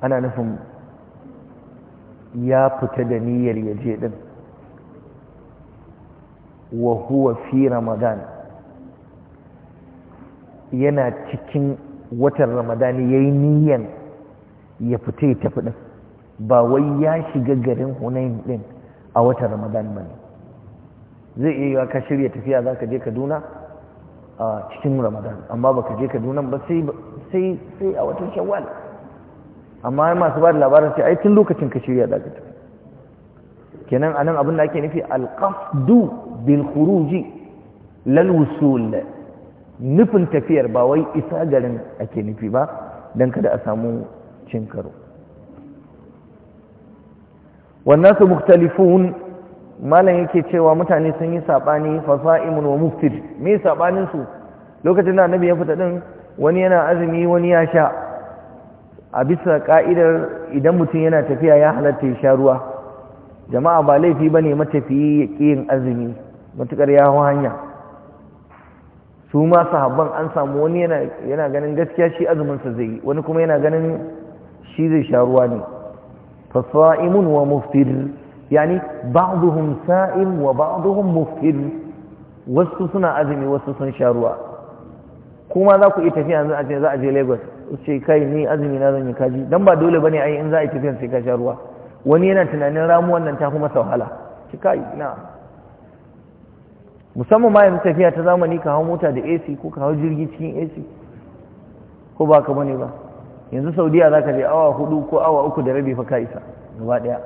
ana nufin ya fita da niyyar ya je din wa huwa fi ramadan yana cikin watan ramadani yayi niyyan ya fita ya tafi din ba wai ya shiga garin hunain din a watan ramadan ba ne zai iya yiwa ka shirya tafiya za ka je kaduna a cikin ramadan amma ba ka je kaduna ba sai a watan shawwal amma masu ba da labarin sai aikin lokacin ka shirya za ka tafi kenan anan abin abinda ake nufi alqasdu bin khuruji lalwusul nufin tafiyar ba wai isa garin ake nufi ba don kada a samu cin karo wannan su muktalifun malam yake cewa mutane sun yi saɓani fasa'imun wa muftir me saɓanin su lokacin da annabi ya fita din wani yana azumi wani ya sha a bisa ka'idar idan mutum yana tafiya ya halatta ya sha ruwa jama'a ba laifi bane matafiyi ya ƙiyin azumi matukar ya hau hanya su ma sahabban an samu wani yana ganin gaskiya shi azuminsa zai yi wani kuma yana ganin shi zai sha ruwa ne فصائم ومفطر yani ba'duhum sa'im wa ba'duhum muftir wasu suna azumi wasu sun sha ruwa kuma za ku yi tafiya yanzu a za a je Lagos ce kai ni azumi na zan yi kaji dan ba dole bane ai in za a yi tafiya sai ka sha ruwa wani yana tunanin ramu wannan ta kuma wahala ki kai na musamman ma yanzu tafiya ta zamani ka hau mota da AC ko ka hau jirgi cikin AC ko ba ka bane ba yanzu saudiya za ka je awa hudu ko awa uku da rabi fa ka isa gaba daya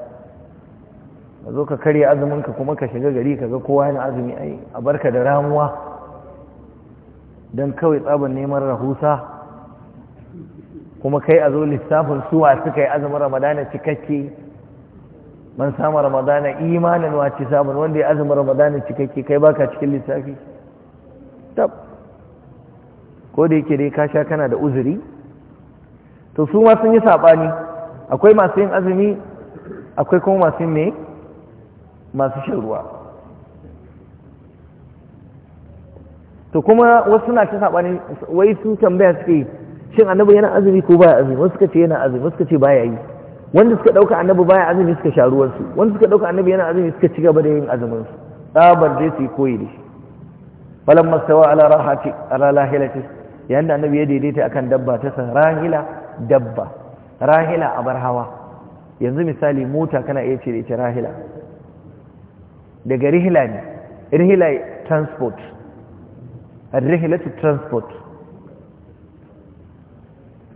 ka zo ka karya azuminka kuma ka shiga gari ka ga kowa yana azumi ai a barka da ramuwa don kawai tsaban neman rahusa kuma kai a zo lissafin suwa suka yi azumin ramadana cikakke man samu ramadana imanin wace samun wanda ya azumin ramadana cikakke kai baka cikin lissafi tab ko da yake dai ka sha kana da uzuri to su ma sun yi saɓani akwai masu yin azumi akwai kuma masu yin mai masu shan ruwa to kuma wasu suna shi saɓani wai su tambaya suke shin annabi yana azumi ko baya azumi wasu suka ce yana azumi wasu suka ce baya yi wanda suka ɗauka annabi baya azumi suka sha ruwansu wanda suka ɗauka annabi yana azumi suka ci gaba da yin azumin su tsabar dai su yi koyi da shi falamma stawa ala rahati ala lahilati yayin da annabi ya daidaita akan dabba ta sa rahila dabba rahila a bar hawa yanzu misali mota kana iya ce da ita rahila daga rihila ne rihila transport to transport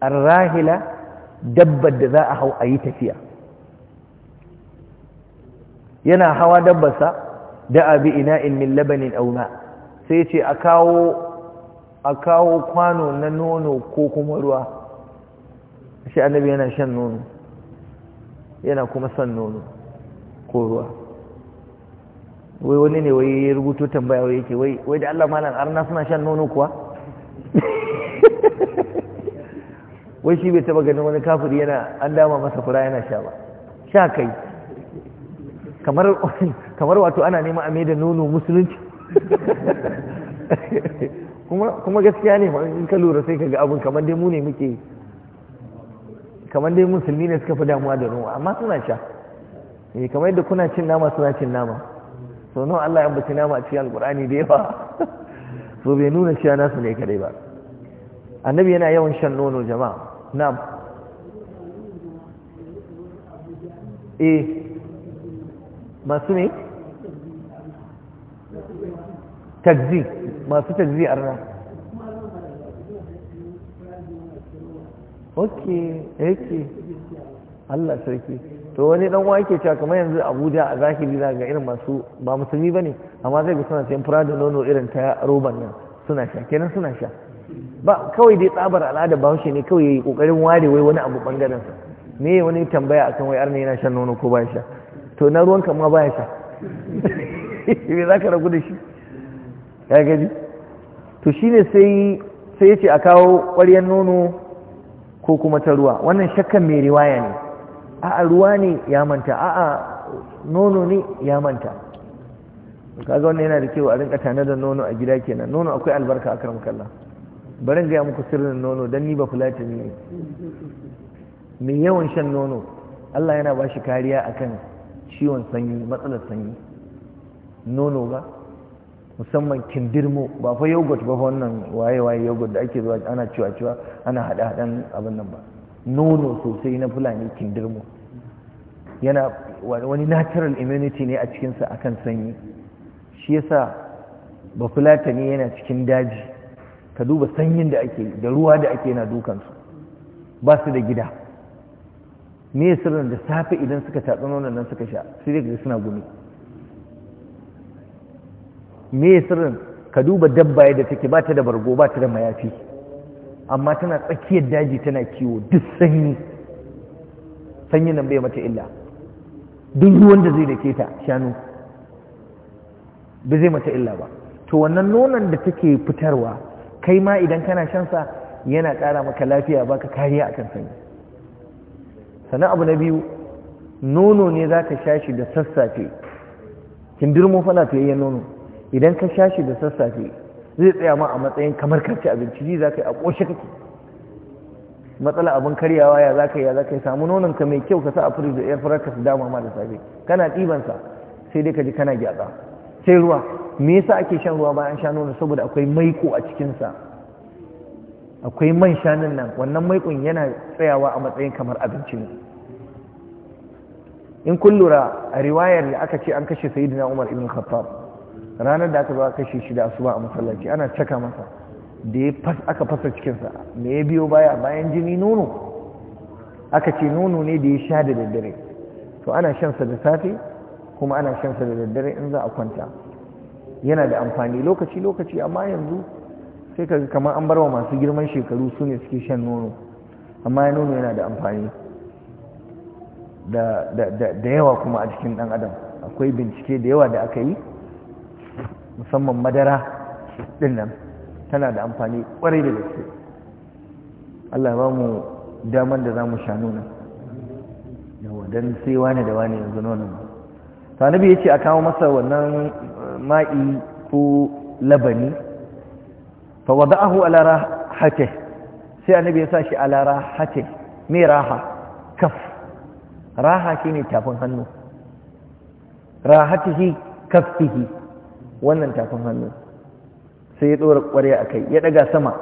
rahila dabbar da za a hau a yi tafiya yana hawa dabbarsa da abi ina in min labanin auna sai ce a kawo kwano na nono ko kuma ruwa shi annabi yana shan nono yana kuma son nono ko ruwa wai wani ne wai ya rubuto tambaya wai yake wai da Allah malam arna suna shan nono kuwa wai shi bai taba ganin wani kafiri yana an dama masa fura yana sha ba sha kai kamar wato ana nema a da nono musulunci kuma gaskiya ne in ka lura sai ka ga abin kamar dai mu ne muke kamar dai musulmi ne suka fi damuwa da ruwa amma suna sha eh kamar yadda kuna cin nama suna cin nama so nawa Allah ya ambaci nama a cikin alkur'ani da yawa so bai nuna cewa nasu ne kadai ba annabi yana yawan shan nono jama'a na'am eh masu ne takzi masu takzi arna ok ok Allah sarki to wani dan wa yake cewa kamar yanzu Abuja a zahiri za ga irin masu ba musulmi bane amma zai ga suna tempura da nono irin ta roban nan suna sha kenan suna sha ba kawai dai tsabar al'ada ba ne kawai yayi kokarin ware wai wani abu bangaren sa me wani tambaya akan wai arne yana shan nono ko baya sha to na ruwan kama baya sha me zaka ragu da shi ya gaji to shine sai sai ya ce a kawo ƙwaryar nono ko kuma ta ruwa wannan shakkan mai riwaya ne a'a ruwa ne ya manta a'a nono ne ya manta kaga wannan yana da kyau a rinka tana da nono a gida kenan nono akwai albarka a karam kalla barin gaya muku sirrin nono don ni ba fulatani ne mai yawan shan nono Allah yana ba shi kariya akan ciwon sanyi matsalar sanyi nono ba musamman kindirmo ba fa yogurt ba fa wannan waye-waye yogurt da ake zuwa ana ciwa-ciwa ana haɗe-haɗen abin nan ba nono sosai na fulani kindirmo yana wani natural immunity ne a cikinsa akan sanyi shi yasa ba fulata ne yana cikin daji ka duba sanyin da ake da ruwa da ake yana dukansu ba su da gida me sirrin da safe idan suka tatsi nonon nan suka sha sai dai suna gumi me sirrin ka duba dabba yadda take ba ta da bargo ba ta da mayafi amma tana tsakiyar daji tana kiwo duk sanyi sanyi nan bai mata illa duk wanda zai dake ta shanu bai zai mata illa ba to wannan nonon da take fitarwa kai ma idan kana shansa yana ƙara maka lafiya baka kariya akan sanyi sannan abu na biyu nono ne za ka sha shi da sassafe Kin kindirmo fa yayin nono idan ka sha shi da sassafe zai tsaya ma a matsayin kamar karci abinci ji za ka yi a ƙoshe kake matsala abin karyawa ya za ka yi ya za ka yi samu nonon ka mai kyau ka sa a firij da yar ka su dama ma da safe kana ɗibansa sai dai ka ji kana gyatsa sai ruwa me yasa ake shan ruwa bayan sha nono saboda akwai maiko a cikinsa akwai man shanun nan wannan maikon yana tsayawa a matsayin kamar abinci ne in kun lura a riwayar da aka ce an kashe sayyidina umar ibn khattab ranar da aka zo kashe shi da asuba a masallaci ana caka masa da ya aka fasa cikinsa me ya biyo baya bayan jini nono aka ce nono ne da ya sha da daddare to ana shansa da safe kuma ana shansa da daddare in za a kwanta yana da amfani lokaci-lokaci amma yanzu sai ka kamar an barwa masu girman shekaru su ne suke shan nono amma nono yana da amfani da yawa kuma a cikin ɗan adam akwai bincike da yawa da aka yi musamman madara ɗin nan tana da amfani ƙwarai da gaske Allah ba mu daman da za mu sha nuna yawa don sai wane da wane yanzu ba ta nabi ya ce a kawo masa wannan eh, ma'i ko labani fa a ala rahate sai annabi ya sa shi ala rahate me raha kaf raha shine tafin hannu rahatihi kaffihi wannan tafin hannu sai ya ɗora ƙwarya a kai ya daga sama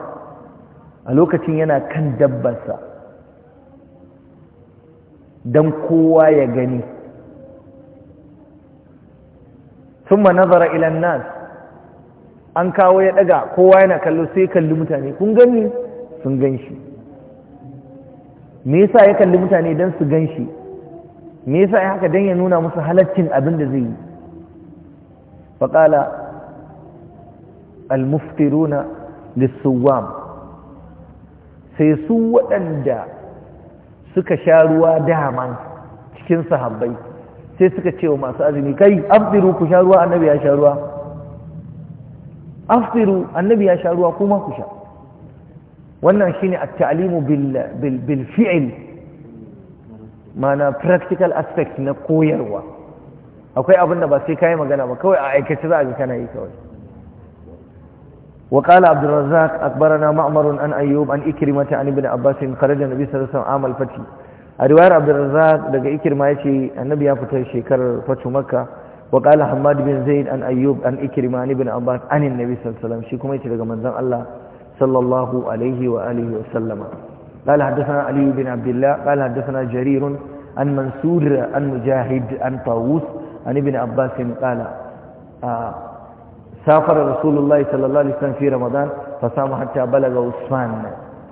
a lokacin yana kan dabbarsa don kowa ya gani sun ma nazara ilan nas an kawo ya ɗaga kowa yana kallo sai kalli mutane kun gani sun gan shi nisa ya kalli mutane don su gan shi me ya haka don ya nuna musu halaccin abin da zai yi فقال المفترون للسوام سيسو أندى سك شاروا داما تكين صحابي سيسك تشيو ما سأذني كي أفضروا كشاروا النبي يا أشاروا أفضروا النبي يا أشاروا كما كشا وانا شيني التعليم بالفعل ما أنا practical aspect نقوير وانا akwai abin da ba sai kayi magana ba kawai a aikace za a ga kana yi kawai wa qala abdul razzaq akbarana ma'mar an ayyub an ikrimata an ibn abbas in kharaja nabi sallallahu alaihi wasallam amal fati a riwayar daga ikrima yace annabi ya fita shekarar Fatumaka, makka wa bin zaid an ayyub an ikrima an ibn abbas an annabi sallallahu alaihi wasallam shi kuma yace daga manzon allah sallallahu alaihi wa alihi wa sallama قال حدثنا علي بن عبد الله قال حدثنا جرير عن منصور عن مجاهد عن طاووس عن ابن عباس قال آه سافر رسول الله صلى الله عليه وسلم في رمضان فصام حتى بلغ عثمان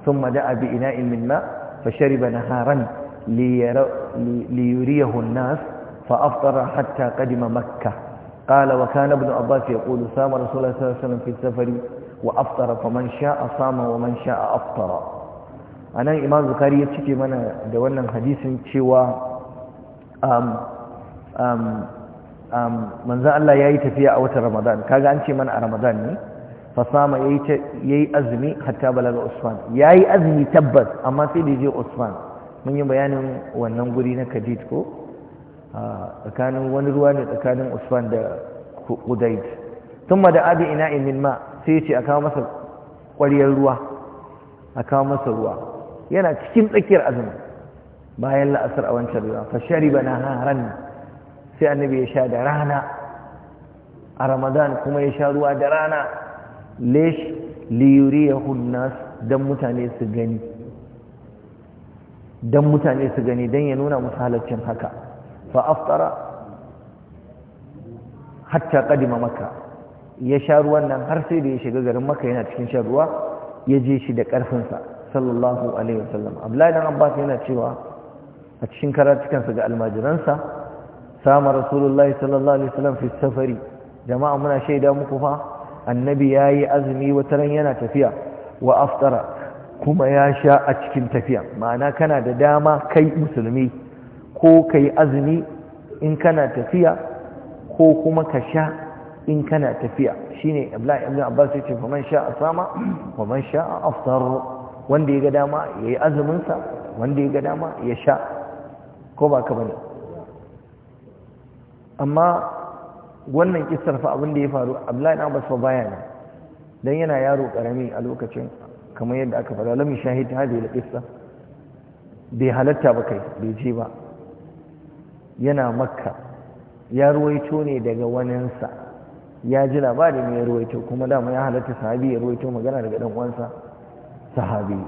ثم دعا بإناء من ماء فشرب نهارا ليريه الناس فأفطر حتى قدم مكة قال وكان ابن عباس يقول صام رسول الله صلى الله عليه وسلم في السفر وأفطر فمن شاء صام ومن شاء أفطر أنا إمام بخاري يتشكي من دولنا حديث شوى أم أم manzan Allah ya yi tafiya a watan ramadan kaga an ce mana a ramadan ne fasama ya yi azumi hatta balaga usman ya yi azumi tabbas amma sai da je usman mun yi bayanin wannan guri na kadid ko tsakanin wani ruwa ne tsakanin usman da kudaid tun da adi ina imin ma sai ya ce a kawo masa ƙwaryar ruwa a kawo masa ruwa yana cikin tsakiyar azumi bayan la'asar a wancan ruwa fa bana na haran sai annabi ya sha da rana a ramadan kuma ya sha ruwa da rana Lesh liyuri ya nas don mutane su gani don mutane su gani don ya nuna musu halaccin haka fa aftara hatta kadima maka, ya sha ruwan nan har sai da ya shiga garin maka yana cikin shan ruwa ya je shi da ƙarfinsa, sallallahu alaihi wasallam abdullahi dan abbas yana cewa a cikin karatukansa ga almajiransa sama rasulullahi sallallahu alaihi wasallam fi safari jama'a muna shaida muku fa annabi yayi azumi wata wataran yana tafiya wa aftara kuma ya sha a cikin tafiya ma'ana kana da dama kai musulmi ko kai azumi in kana tafiya ko kuma ka sha in kana tafiya shine Abdullahi ibn Abbas yace fa man sha asama wa man sha aftar wanda ya ga dama yayi azumin sa wanda ya ga dama ya sha ko ba ka bane amma wannan kisar fa abin da ya faru abdullahi na fa baya nan dan yana yaro karami a lokacin kamar yadda aka faɗa lam shahid hadhihi da qissa bai halatta ba kai bai je ba yana makka ya ruwaito ne daga waninsa ya ji labarin ya ruwaito kuma dama ya halatta sahabi ya ruwaito magana daga dan uwansa sahabi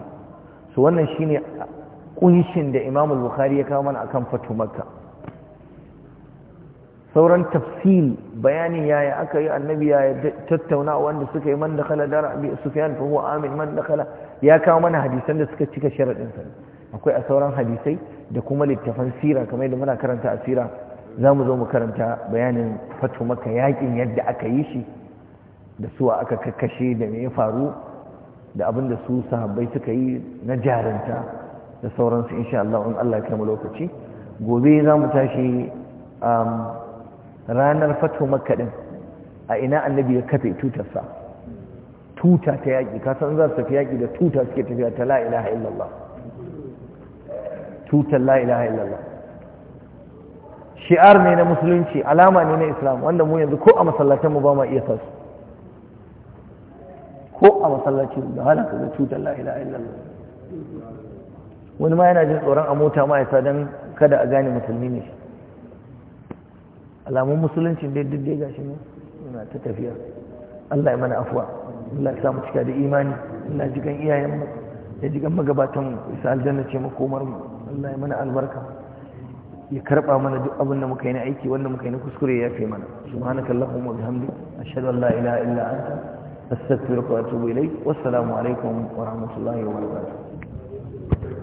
so wannan shine kunshin da imamul bukhari ya kawo mana akan fatu makka sauran tafsil bayanin yaya aka yi annabi ya tattauna wanda suka yi man da kala dara bi sufyan fa huwa amin man da kala ya kawo mana hadisan da suka cika sharadin sa akwai a sauran hadisai da kuma littafan sira kamar yadda muna karanta a sira mu zo mu karanta bayanin fatu maka yakin yadda aka yi shi da su aka kakkashe da me ya faru da abin da su sahabbai suka yi na jarinta da sauransu insha Allah in Allah ya kai mu lokaci gobe za mu tashi um, ranar fato makka din a ina annabi ya kafe tutarsa tuta ta yaƙi san za su tafi yaƙi da tuta suke tafiya ta la'ilaha illallah tutar la'ilaha illallah shi'ar ne na musulunci alama ne na islam wanda mu yanzu ko a masallacinmu ba ma iya sasu ko a masallacin da halaka da tutar la'ilaha illallah wani ma yana jin tsoron a mota ma don kada a gane musulmi ne shi alamun musuluncin dai duk dai gashi ne yana ta tafiya Allah ya mana afuwa Allah ya samu cika da imani Allah ya iyayen mu, ya jikan magabatanmu isa aljanna ce makomarmu Allah ya mana albarka ya karba mana duk abin da muka yi na aiki wanda muka yi na kuskure ya fi mana subhanaka allahumma bihamdik ashhadu an la ilaha illa anta astaghfiruka wa atubu ilayk wassalamu alaikum wa rahmatullahi wa barakatuh